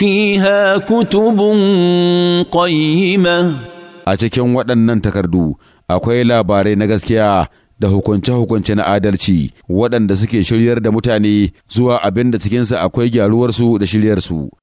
فيها كتب قيمة a cikin waɗannan takardu akwai labarai na gaskiya da hukunce-hukunce na adalci waɗanda suke shiryar da mutane zuwa abin da cikinsa akwai gyaruwarsu da shiryarsu.